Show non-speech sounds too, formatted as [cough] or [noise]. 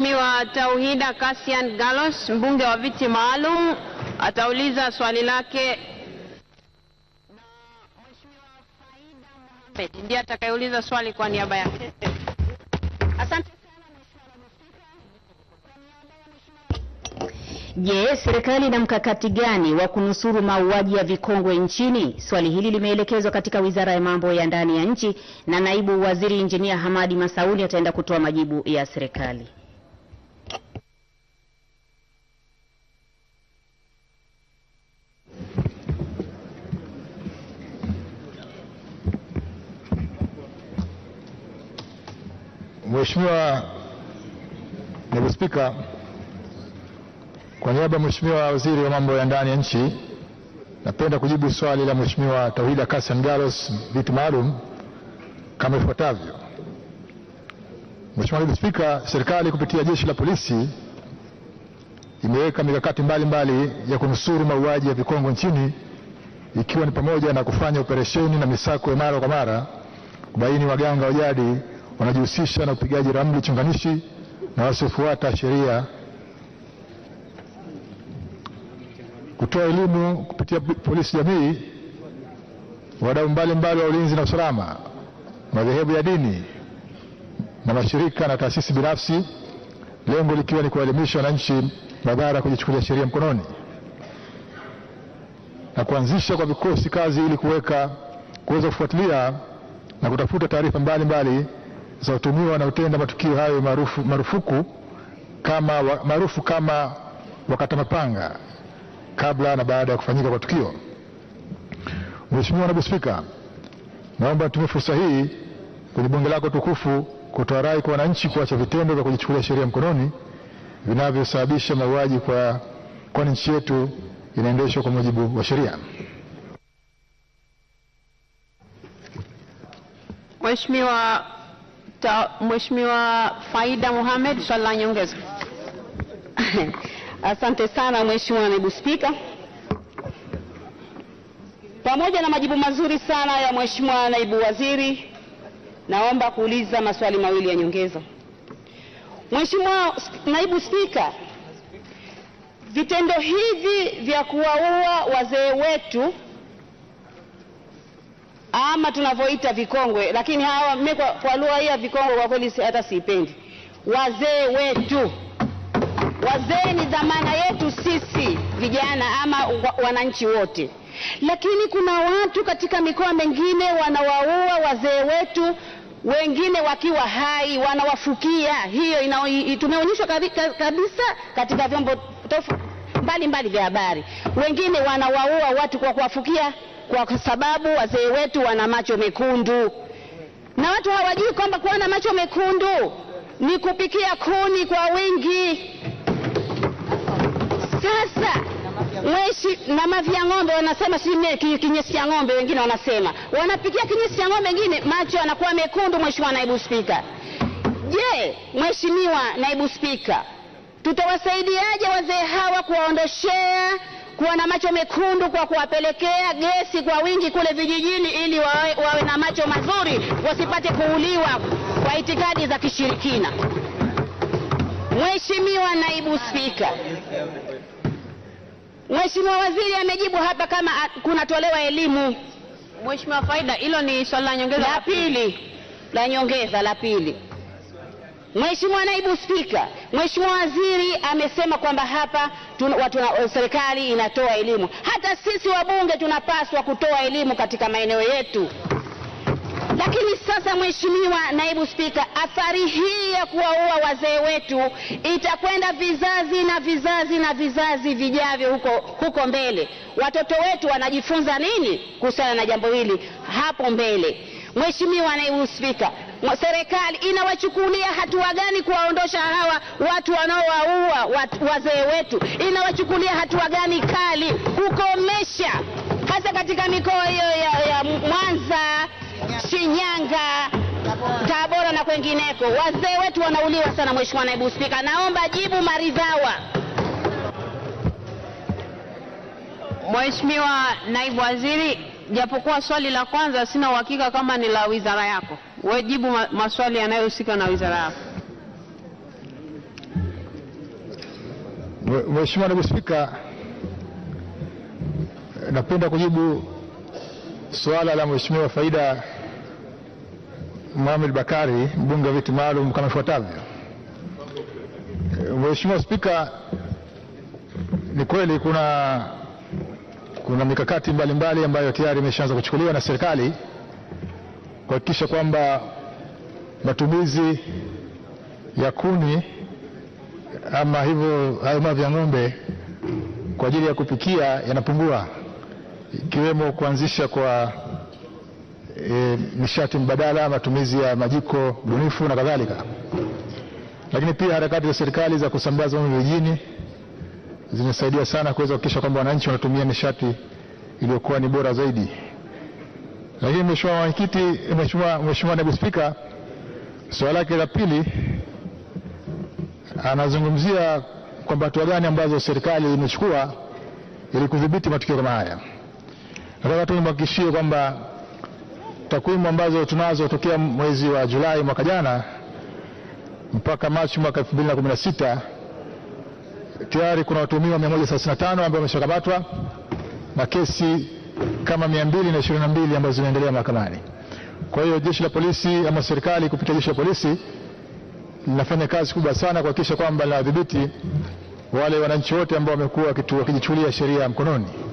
Mheshimiwa Tauhida Kasian Galos, mbunge wa viti maalum atauliza swali lake na Mheshimiwa Faida Mohamed ndiye atakayeuliza swali kwa niaba yake. Asante Je, yes, serikali ina mkakati gani wa kunusuru mauaji ya vikongwe nchini? Swali hili limeelekezwa katika Wizara ya Mambo ya Ndani ya Nchi na Naibu Waziri Injinia Hamadi Masauni ataenda kutoa majibu ya serikali. Mheshimiwa Naibu Spika, kwa niaba ya Mheshimiwa Waziri wa Mambo ya Ndani ya Nchi, napenda kujibu swali la Mheshimiwa Tawhida Kassan galos vitu maalum kama ifuatavyo. Mheshimiwa Naibu Spika, serikali kupitia jeshi la polisi imeweka mikakati mbalimbali ya kunusuru mauaji ya vikongo nchini ikiwa ni pamoja na kufanya operesheni na misako ya mara kwa mara kubaini waganga wa jadi wanajihusisha na upigaji ramli chunganishi na wasiofuata sheria, kutoa elimu kupitia polisi jamii, wadau mbalimbali wa ulinzi na usalama, madhehebu ya dini na mashirika na taasisi binafsi, lengo likiwa ni kuwaelimisha wananchi madhara ya kujichukulia sheria mkononi na kuanzisha kwa vikosi kazi ili kuweka kuweza kufuatilia na kutafuta taarifa mbalimbali za utumiwa wanaotenda matukio hayo marufu, marufuku kama, maarufu kama wakata mapanga kabla na baada ya kufanyika kwa tukio. Mheshimiwa Naibu Spika, naomba nitumie fursa hii kwenye bunge lako tukufu kutoa rai kwa wananchi kuacha vitendo vya kujichukulia sheria mkononi vinavyosababisha mauaji, kwa kwani nchi yetu inaendeshwa kwa mujibu wa sheria. Mheshimiwa Mheshimiwa Faida Mohamed, swali la nyongeza. [laughs] Asante sana Mheshimiwa Naibu Spika. Pamoja na majibu mazuri sana ya Mheshimiwa Naibu Waziri, naomba kuuliza maswali mawili ya nyongeza. Mheshimiwa Naibu Spika, vitendo hivi vya kuwaua wazee wetu ama tunavyoita vikongwe, lakini hawa mimi kwa, kwa lugha hii ya vikongwe kwa kweli hata siipendi. Wazee wetu, wazee ni dhamana yetu sisi vijana ama wananchi wote, lakini kuna watu katika mikoa mengine wanawaua wazee wetu wengine wakiwa hai wanawafukia. Hiyo tumeonyeshwa kabisa katika vyombo tofauti mbalimbali vya habari. Wengine wanawaua watu kwa kuwafukia kwa sababu wazee wetu wana macho mekundu, na watu hawajui kwamba kuwa na macho mekundu ni kupikia kuni kwa wingi. Sasa mweshi na mavi ya ng'ombe wanasema si kinyesi cha ng'ombe, wengine wanasema wanapikia kinyesi cha ng'ombe, wengine macho yanakuwa mekundu. Mheshimiwa Naibu Spika, je, Mheshimiwa Naibu Spika Tutawasaidiaje wazee hawa kuwaondoshea kuwa na macho mekundu kwa kuwapelekea gesi kwa wingi kule vijijini ili wawe, wawe na macho mazuri wasipate kuuliwa kwa itikadi za kishirikina. Mheshimiwa Naibu Spika, Mheshimiwa Waziri amejibu hapa kama kunatolewa elimu. Mheshimiwa Faida, hilo ni swali la nyongeza la pili, la nyongeza la pili Mheshimiwa Naibu Spika, Mheshimiwa Waziri amesema kwamba hapa serikali inatoa elimu. Hata sisi wabunge tunapaswa kutoa elimu katika maeneo yetu. Lakini sasa, Mheshimiwa Naibu Spika, athari hii ya kuwaua wazee wetu itakwenda vizazi na vizazi na vizazi vijavyo huko, huko mbele. Watoto wetu wanajifunza nini kuhusiana na jambo hili hapo mbele? Mheshimiwa Naibu Spika, serikali inawachukulia hatua gani kuwaondosha hawa watu wanaowaua wazee wetu? Inawachukulia hatua gani kali kukomesha, hasa katika mikoa hiyo ya, ya Mwanza, Shinyanga, Tabora na kwengineko? Wazee wetu wanauliwa sana. Mheshimiwa Naibu Spika, naomba jibu maridhawa. Mheshimiwa Naibu Waziri, japokuwa swali la kwanza sina uhakika kama ni la wizara yako wajibu maswali yanayohusika na wizara yako. Mheshimiwa Naibu Spika, napenda kujibu suala la Mheshimiwa Faida muhamed Bakari, mbunge wa viti maalum, kama ifuatavyo. Mheshimiwa Spika, ni kweli kuna kuna mikakati mbalimbali ambayo tayari imeshaanza kuchukuliwa na serikali kuhakikisha kwamba matumizi ya kuni ama hivyo hayo mavi ya ng'ombe kwa ajili ya kupikia yanapungua, ikiwemo kuanzisha kwa e, nishati mbadala, matumizi ya majiko bunifu na kadhalika. Lakini pia harakati za serikali za kusambaza umeme vijijini zimesaidia sana kuweza kuhakikisha kwamba wananchi wanatumia nishati iliyokuwa ni bora zaidi. Lakini mheshimiwa mwenyekiti, mheshimiwa naibu spika, swala lake la pili anazungumzia kwamba hatua gani ambazo serikali imechukua ili kudhibiti matukio kama haya. Nataka tu nimhakikishie kwamba takwimu ambazo tunazo tokea mwezi wa Julai mwaka jana mpaka Machi mwaka 2016 tayari kuna watuhumiwa 135 ambao wameshakamatwa na kesi kama 222 ambazo zinaendelea mahakamani. Kwa hiyo jeshi la polisi ama serikali kupitia jeshi la polisi linafanya kazi kubwa sana kuhakikisha kwamba linawadhibiti wale wananchi wote ambao wamekuwa wakijichukulia sheria mkononi.